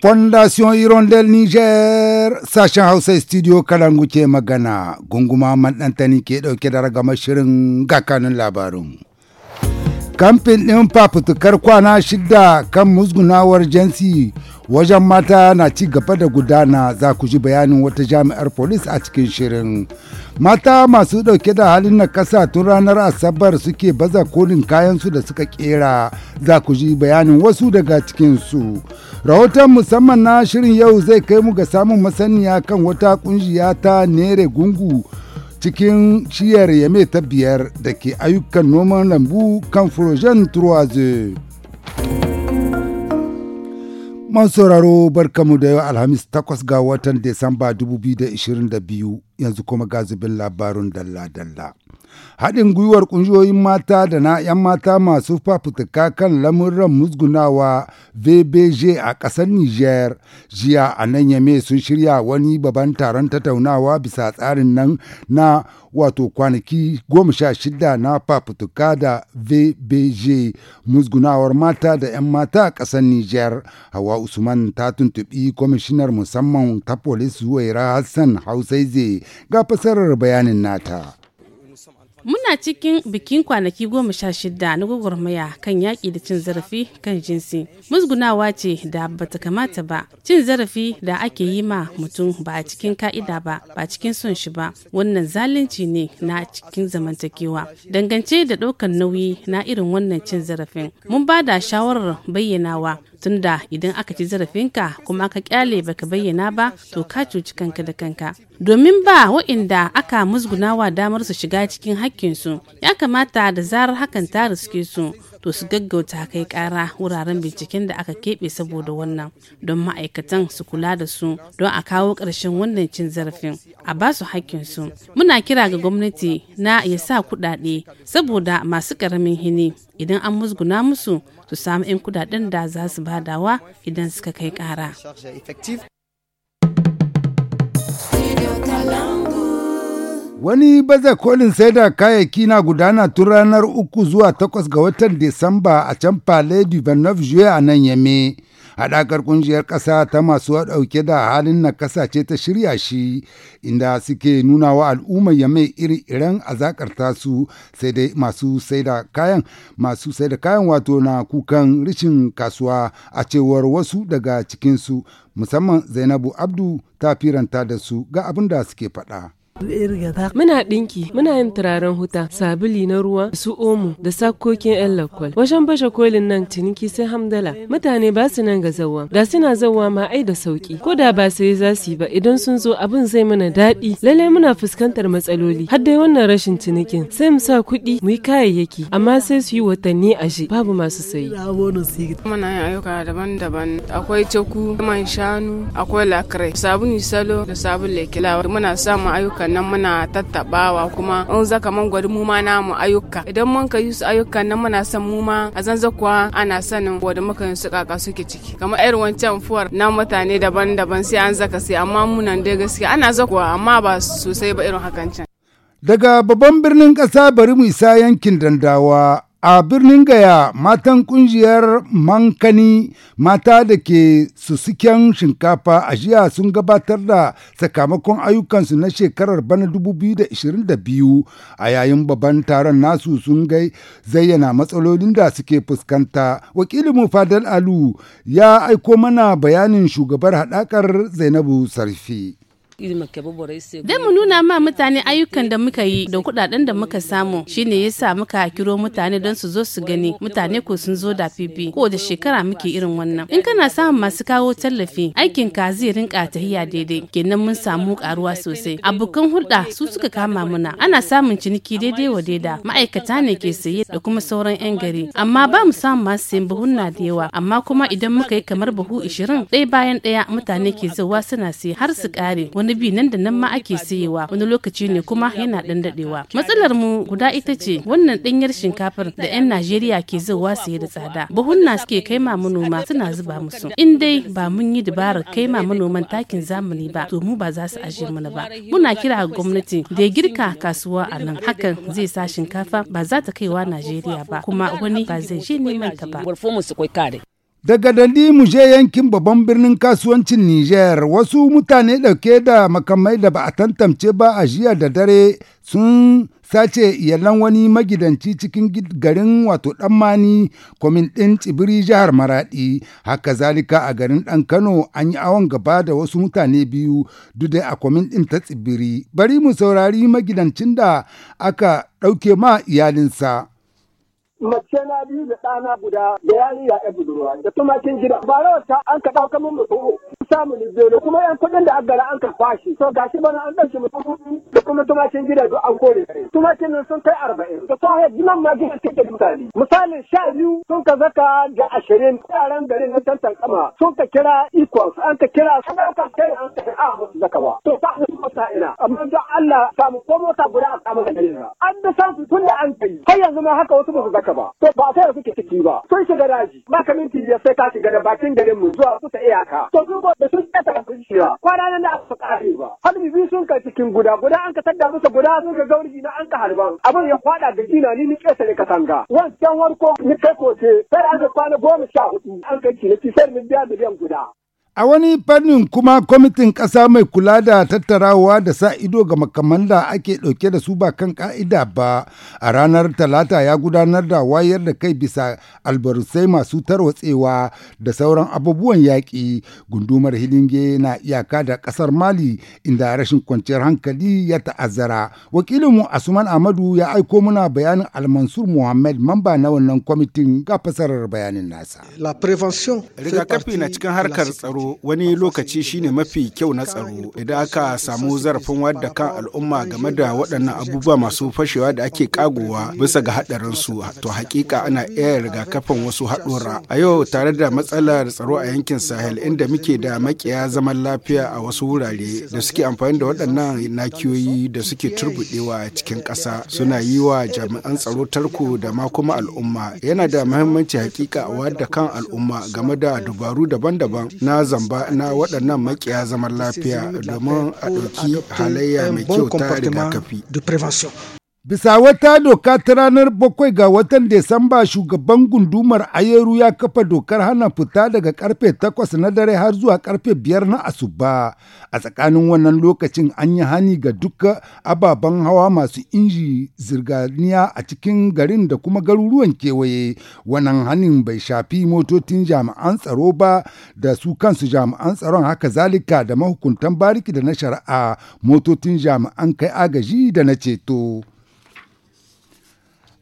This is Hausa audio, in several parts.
Fondation Hirondelle Niger sashen Hausa studio Kalangu ke magana gunguma maɗantani ke ɗauke da ragama shirin gakanin labarin. Kamfin ɗin fafutukar kwana shida kan musgunawar jinsi wajen mata na ci gaba da gudana za ku ji bayanin wata jami'ar polis a cikin shirin mata masu dauke da halin na kasa tun ranar asabar suke baza kolin kayansu da suka kera za ku ji bayanin wasu daga cikinsu rahoton musamman na shirin yau zai kai mu ga samun masaniya kan wata kungiya ta nere gungu cikin ciyar yame ta biyar da ke ayyukan noman lambu kan furojen turwaze. man sauraro barkamu da yau Alhamis takwas ga watan Desamba 2022 yanzu kuma ga zubin labarun dalla-dalla. haɗin gwiwar ƙungiyoyin mata da na 'yan mata masu fafutuka kan lamuran musgunawa vbg a ƙasar niger jiya a nan yame sun shirya wani babban taron tattaunawa bisa tsarin nan na wato kwanaki goma sha shida na fafutuka da vbg musgunawar mata da 'yan mata a ƙasar niger hawa usman ta tuntuɓi kwamishinar musamman ta polis zuwaira hassan hausaize ga fasarar bayanin nata Muna cikin bikin kwanaki goma sha shida na gwagwarmaya kan yaƙi da cin zarafi kan jinsi. Musgunawa ce da bata kamata ba. Cin zarafi da ake yi ma mutum ba a cikin ka'ida ba, ba cikin son shi ba. Wannan zalunci ne na cikin zamantakewa. Dangance da ɗaukar nauyi na irin wannan cin zarafin. Mun ba da shawarar bayyanawa tunda idan aka ci zarafinka kuma aka kyale baka bayyana ba to ka cuci kanka da kanka domin ba waɗanda aka wa damar su shiga cikin hakkinsu ya kamata da zarar hakan ta riske su to su gaggauta kai kara wuraren binciken da aka keɓe saboda wannan don ma'aikatan su kula da su don a kawo ƙarshen wannan cin zarafin a ba su su muna kira ga gwamnati na ya sa kuɗaɗe saboda masu ƙaramin hini idan an musguna musu su samu 'yan kuɗaɗen da za su badawa idan suka kai ƙara Wani baza kolin sai da kayayyaki na gudana tun ranar uku zuwa takwas ga watan Disamba a can Palais du a nan Yame. haɗakar ƙungiyar ƙasa ta masu ɗauke da halin na ce ta shirya shi inda suke nuna wa al'umma ya mai iri-iren azakar tasu sai dai masu sai da kayan masu sai da kayan wato na kukan rishin kasuwa a cewar wasu daga cikinsu musamman zainabu abdu ta firanta da su ga abin da suke faɗa. Muna ɗinki, muna yin turaren huta, sabili na ruwa, su omo da sakokin 'yan lakwal. Wajen bashe kolin nan ciniki sai hamdala. Mutane ba su nan ga zawa, da suna zawa ma ai da sauki. Ko da ba sai za su yi ba idan sun zo abin zai mana daɗi. Lalle muna fuskantar matsaloli, har dai wannan rashin cinikin. Sai mu sa kuɗi mu yi kayayyaki, amma sai su yi watanni a shi babu masu sayi. Muna yin ayyuka daban-daban. Akwai cakku, man shanu, akwai lakare, sabuni salo da sabun lekila. Muna samun ayyukan nan muna tattabawa kuma in za kaman gwari mu ma namu ayyuka idan mun ka yi su ayyukan nan muna son mu ma a zanza kuwa ana sanin wanda muka yi su kaka suke ciki kamar irin wancan fuwar na mutane daban-daban sai an zaka sai amma munan dai gaskiya ana kuwa amma ba sosai ba irin hakan can. Daga babban birnin ƙasa bari mu isa yankin dandawa A birnin Gaya, matan kungiyar Mankani mata da ke susiken shinkafa a jiya sun gabatar da sakamakon ayyukansu na shekarar bana 2022 a yayin babban taron nasu sun gai zayyana matsalolin da suke fuskanta. Wakilin mu Fadal Alu ya aiko mana bayanin shugabar haɗakar Zainabu Sarfi. Dan mu nuna ma mutane ayyukan da muka yi da kudaden da muka samu shine yasa muka kiro mutane don su zo su gani mutane ko sun zo da fifi ko da shekara muke irin wannan. In kana samun masu kawo tallafi aikin ka zai rinka tahiya daidai kenan mun samu karuwa sosai. Abokan hulɗa su suka kama muna ana samun ciniki daidai wa daida ma'aikata ne ke saye da kuma sauran 'yan gari amma ba mu samun masu sayan buhunna da yawa amma kuma idan muka yi kamar buhu 20 ɗaya bayan ɗaya mutane ke zuwa suna sai har su ƙare wani wani nan da nan ma ake sayewa wani lokaci ne kuma yana dan dadewa matsalar mu guda ita ce wannan danyar shinkafar da yan najeriya ke zuwa saye da tsada buhunna suke kai ma manoma suna zuba musu in dai ba mun yi dabarar kai ma manoman takin zamani ba to mu ba za su ajiye mana ba muna kira ga gwamnati da ya girka kasuwa a nan hakan zai sa shinkafa ba za ta kaiwa najeriya ba kuma wani ba zai je neman ta ba Daga dali muje yankin babban birnin kasuwancin Nijar, wasu mutane ɗauke da makamai da ba a tantance ba a jiya da dare sun sace iyalan wani magidanci cikin garin wato ɗanmani kwamin ɗin tsibiri jihar Maraɗi. Haka zalika a garin ɗan Kano an yi awon gaba da wasu mutane biyu duk a kwamin ɗin ta tsibiri. Bari mu saurari magidancin da aka ɗauke ma iyalinsa. mace na biyu da ɗana guda da yari ya budurwa da tumakin gida ba rawata an ka ɗauka min mutum samu ni biyu kuma yan kuɗin da aggara an ka kwashe to gashi na an ɗauki mutum da kuma tumakin gida duk an kore tumakin nan sun kai arba'in da sahi jinan ma gina take da misali misalin sha biyu sun ka zaka ga ashirin yaran garin na tantan kama sun ka kira ikon an ka kira sun ka kai an ka a zaka ba to mota ina amma don Allah samu ko mota guda a samu ga dalilin an da su tun da an kai har yanzu ma haka wasu ba su zaka ba to ba sai da suke ciki ba sun shiga daji ba ka minti biyar sai ka shiga da bakin garin mu zuwa kusa iyaka to sun da sun kasa kunciya kwana nan da aka kare ba har bi sun ka cikin guda guda an ka tadda musu guda sun ka gaurji na an ka harban abin ya fada da jina ni ni kesa ne katanga wancan warko ni kai kote sai an ka kwana goma sha hudu an ka ci na ci sai biya miliyan guda A wani fannin kuma kwamitin ƙasa mai kula da tattarawa da sa ido ga makaman da ake ɗauke da su ba kan ƙa'ida ba a ranar talata ya gudanar da wayar da kai bisa albarusai masu tarwatsewa da sauran abubuwan yaƙi gundumar hilinge na iyaka da ƙasar mali inda rashin kwanciyar hankali ya ta'azzara wakilinmu asuman amadu ya aiko muna bayanin almansur muhammad mamba na wannan kwamitin ga fasarar bayanin nasa. rigakafi na cikin harkar tsaro wani lokaci shine mafi kyau na tsaro idan aka samu zarafin wadda kan al'umma game da waɗannan abubuwa masu fashewa da ake kagowa bisa ga haɗarinsu to hakika ana iya rigakafin wasu haɗura a yau tare da matsalar tsaro a yankin sahel inda muke da makiya zaman lafiya a wasu wurare da suke amfani da waɗannan nakiyoyi da suke turbuɗewa cikin ƙasa suna yi wa jami'an tsaro tarko da ma kuma al'umma yana da muhimmanci hakika a wadda kan al'umma game da dubaru daban-daban na zama gamba na waɗannan makiya zaman lafiya domin a ɗauki halayya mai kyau ta rigakafi. Bisa wata doka ta ranar bakwai ga watan Desamba shugaban gundumar Ayeru ya kafa dokar hana fita daga karfe takwas na dare har zuwa karfe biyar na asuba. A tsakanin wannan lokacin an yi hani ga duka ababen hawa masu inji zirganiya a cikin garin da kuma garuruwan kewaye. Wannan hanin bai shafi motocin jami'an tsaro ba da su kansu jami'an tsaron haka zalika da mahukuntan bariki da na shari'a motocin jami'an kai agaji da na ceto.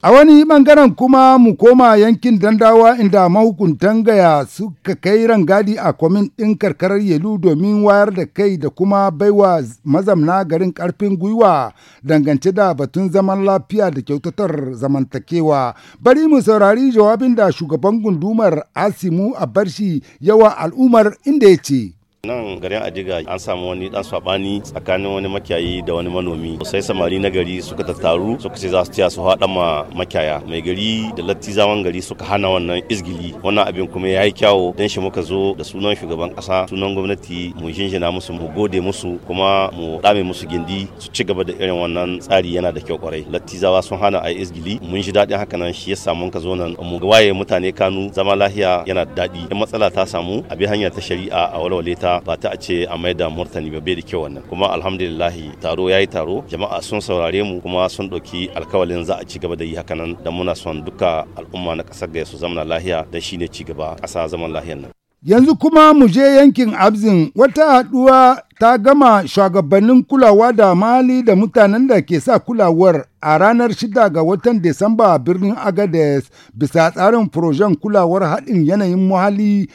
A wani ɓangaren kuma mu koma yankin dandawa inda mahukuntan gaya suka kai rangadi a kwamin ɗin karkarar Yelu domin wayar da kai da kuma baiwa mazamna garin ƙarfin gwiwa dangance da batun zaman lafiya da kyautatar zamantakewa. Bari mu saurari jawabin da shugaban gundumar Asimu a barshi yawa al'umar inda ya ce. nan garin adiga an samu wani dan sabani tsakanin wani makiyayi da wani manomi sai samari na gari suka tattaru suka ce za su tiya su haɗa ma makiyaya mai gari da lattizawan gari suka hana wannan izgili wannan abin kuma ya yi kyawo dan shi muka zo da sunan shugaban kasa. sunan gwamnati mu jinjina musu mu gode musu kuma mu dame musu gindi su ci gaba da irin wannan tsari yana da kyau kwarai lattizawa sun hana a izgili mun ji daɗin haka nan shi yasa samu ka zo nan mu waye mutane kanu zama lahiya yana daɗi in matsala ta samu a hanya ta shari'a a walwale ta ta ba ta a ce a da murtani ba bai da kyau wannan kuma alhamdulillahi taro yayi taro jama'a sun saurare mu kuma sun ɗauki alkawalin za a ci gaba da yi haka nan da muna son duka al'umma na kasar gaya su zamana lahiya da shine ci gaba kasa zaman lahiyar nan yanzu kuma mu je yankin abzin wata haduwa ta gama shugabannin kulawa da mali da mutanen da ke sa kulawar a ranar 6 ga watan Desamba a birnin Agades bisa tsarin furojen kulawar haɗin yanayin muhalli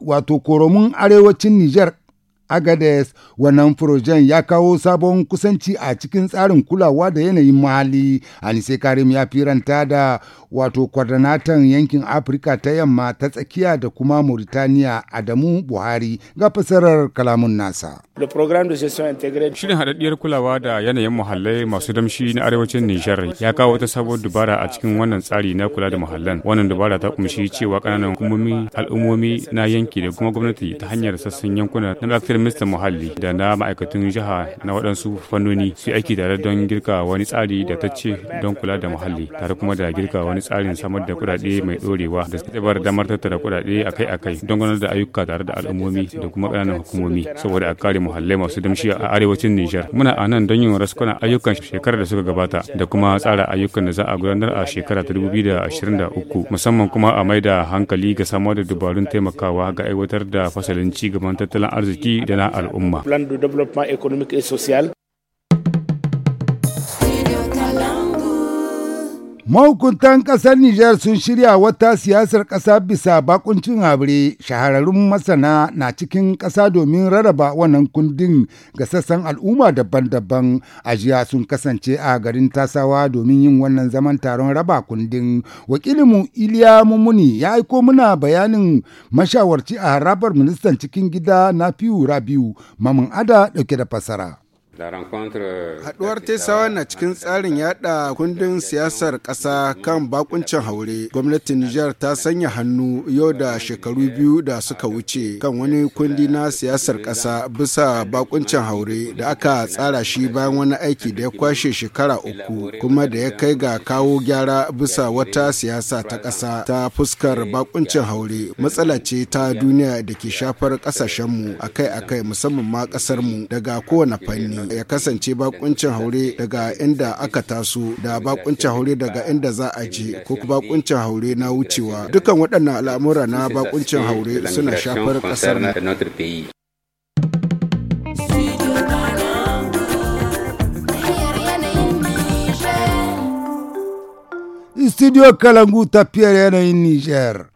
wato koromin arewacin Nijar agades wannan furojen ya kawo sabon kusanci a cikin tsarin kulawa da yanayin muhalli anise karim ya firanta da wato kwadanatan yankin afirka ta yamma ta tsakiya da kuma mauritaniya adamu buhari ga fasarar kalamun nasa shirin haɗaɗɗiyar kulawa da yanayin muhallai masu damshi na arewacin nijar ya kawo wata sabuwar dubara a cikin wannan tsari na kula da muhallan wannan dubara ta kumshi cewa kananan hukumomi al'ummomi na yanki da kuma gwamnati ta hanyar sassan yankuna na mista muhalli da na ma'aikatun jiha na waɗansu fannoni su aiki tare don girka wani tsari da ta ce don kula da muhalli tare kuma da girka wani tsarin samar da kuɗaɗe mai ɗorewa da tsibar damar tattara kuɗaɗe akai-akai don gudanar da ayyuka tare da al'ummomi da kuma ƙananan hukumomi saboda a kare muhallai masu damshi a arewacin Nijar. Muna a nan don yin raskunan ayyukan shekarar da suka gabata da kuma tsara ayyukan da za a gudanar a shekara ta 2023 musamman kuma a mai da hankali ga samar da dabarun taimakawa ga aiwatar da fasalin ci gaban tattalin arziki da na al'umma. Mahukuntan ƙasar Nijar sun shirya wata siyasar ƙasa bisa bakuncin habire shahararrun masana na cikin ƙasa domin rarraba wannan kundin ga sassan al'umma daban-daban ajiya sun kasance a garin tasawa domin yin wannan zaman taron raba kundin. Wakilinmu Iliya Mumuni ya aiko muna bayanin mashawarci a harabar ministan cikin gida na Fiyu Rabiu Mamun Ada dauke da fasara. Haɗuwar Tesawa na cikin tsarin yada kundin siyasar ƙasa kan bakuncin haure. Gwamnatin Nijar ta sanya hannu yau da shekaru biyu da suka wuce kan wani kundi na siyasar ƙasa bisa bakuncin haure da aka tsara shi bayan wani aiki da ya kwashe shekara uku kuma da ya kai ga kawo gyara bisa wata siyasa ta ƙasa ta fuskar bakuncin haure. Matsala ce ta duniya da ke shafar ƙasashenmu akai-akai musamman ma ƙasarmu daga kowane fanni. ya kasance bakuncin haure daga inda aka taso da bakuncin haure daga inda za a je ko bakuncin haure na wucewa dukan waɗannan al'amura na bakuncin haure suna shafar ƙasar studio kalangu tafiyar yanayin niger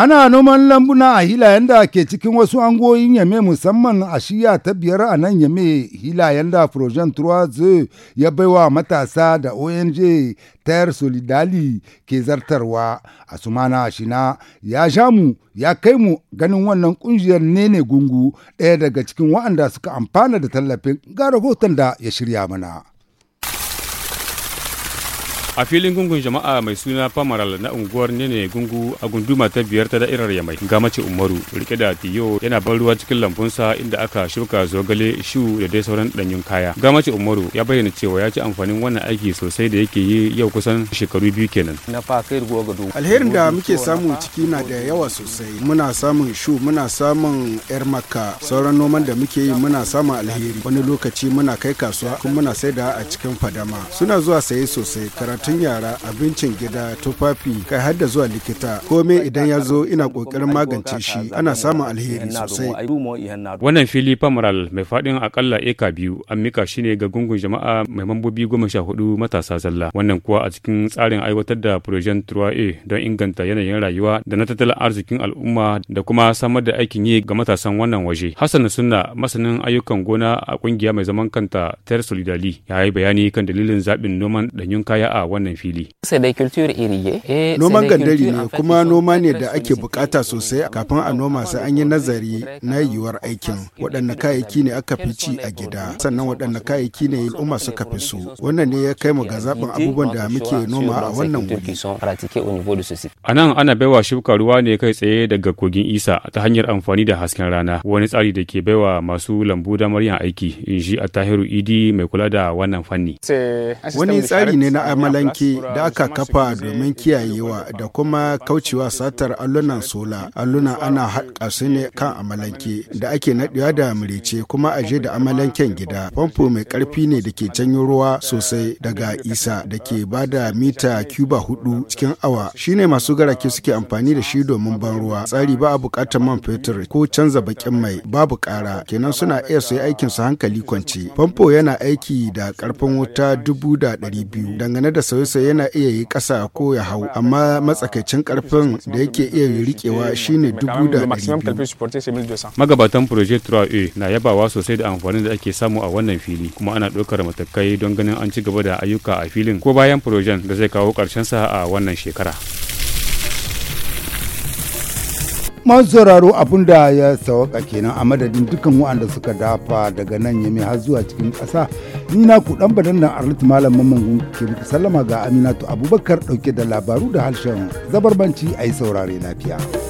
Ana noman lambuna a hilayen da ke cikin wasu angoyin Yame musamman a shiya ta biyar a nan Yame hilayen da Projen Troise ya baiwa matasa da ONG Tayar Solidali ke zartarwa. A sumana shina ya sha mu ya kai mu ganin wannan kungiyar nene gungu ɗaya daga cikin waɗanda suka amfana da tallafin ga rahoton da ya shirya mana. a filin gungun jama'a mai suna famaral na unguwar nene gungu a gunduma ta biyar ta da'irar yamai ga mace umaru rike da tiyo yana ban ruwa cikin lambunsa inda aka shuka zogale shu da dai sauran danyun kaya ga mace umaru ya bayyana cewa ya ci amfanin wannan aiki sosai da yake yi yau kusan shekaru biyu kenan alherin da muke samu ciki na da yawa sosai muna samun shu muna samun yar maka sauran noman da muke yi muna samun alheri wani lokaci muna kai kasuwa kuma muna saida a cikin fadama suna zuwa saye sosai karatu bukatun yara abincin gida tufafi kai har da zuwa likita komai idan ya zo ina kokarin magance shi ana samun alheri sosai wannan fili pamaral mai faɗin akalla eka biyu an mika shi ne ga gungun jama'a mai mambobi goma sha hudu matasa zalla wannan kuwa a cikin tsarin aiwatar da projen 3a e don inganta yanayin rayuwa da na tattalin arzikin al'umma da kuma samar da aikin yi ga matasan wannan waje hassan sunna masanin ayyukan gona a kungiya mai zaman kanta ter solidali ya yi bayani kan dalilin zaɓin noman ɗanyun kaya a wannan fili. Eh, Noman gandari ne kuma noma ne da ake bukata sosai kafin a noma sai an yi nazari na yiwuwar aikin waɗanne kayayyaki ne aka fi ci a gida sannan waɗanne kayayyaki ne al'umma suka fi so wannan ne ya kai mu ga zaɓin abubuwan da muke noma a wannan wuri. A nan ana baiwa shuka ruwa ne kai tsaye daga kogin isa ta hanyar amfani da hasken rana wani tsari da ke baiwa masu lambu damar yin aiki in shi a tahiru idi mai kula da wannan fanni. Wani tsari ne na amalan yanki da aka kafa domin kiyayewa da kuma kaucewa satar allunan sola alluna ana haɗa su ne kan amalanke da ake naɗewa da murice kuma aje da amalanken gida famfo mai ƙarfi ne da ke janyo ruwa sosai daga isa da ke ba da mita cuba hudu cikin awa shine masu garake suke amfani da shi domin ban ruwa tsari ba a buƙatar man fetur ko canza baƙin mai babu ƙara kenan suna iya su yi aikin hankali kwance famfo yana aiki da ƙarfin wuta dubu da ɗari biyu dangane da sauye-sauye yana iya yi kasa ko ya hau amma matsakaicin karfin da yake iya riƙewa shine dubu da magabatan projet 3a e na yabawa sosai da amfanin da ake samu a wannan fili kuma ana ɗaukar matakai don ganin an ci gaba da ayyuka a filin ko bayan projen da zai kawo ƙarshen sa a wannan shekara masu sauraro abun da ya sawaka kenan a madadin dukkan waɗanda suka dafa daga nan yami har zuwa cikin ƙasa ni na ku dan badan nan arlit malam mamman ke muku sallama ga aminatu abubakar dauke da labaru da harshen zabarbanci ayi saurare lafiya.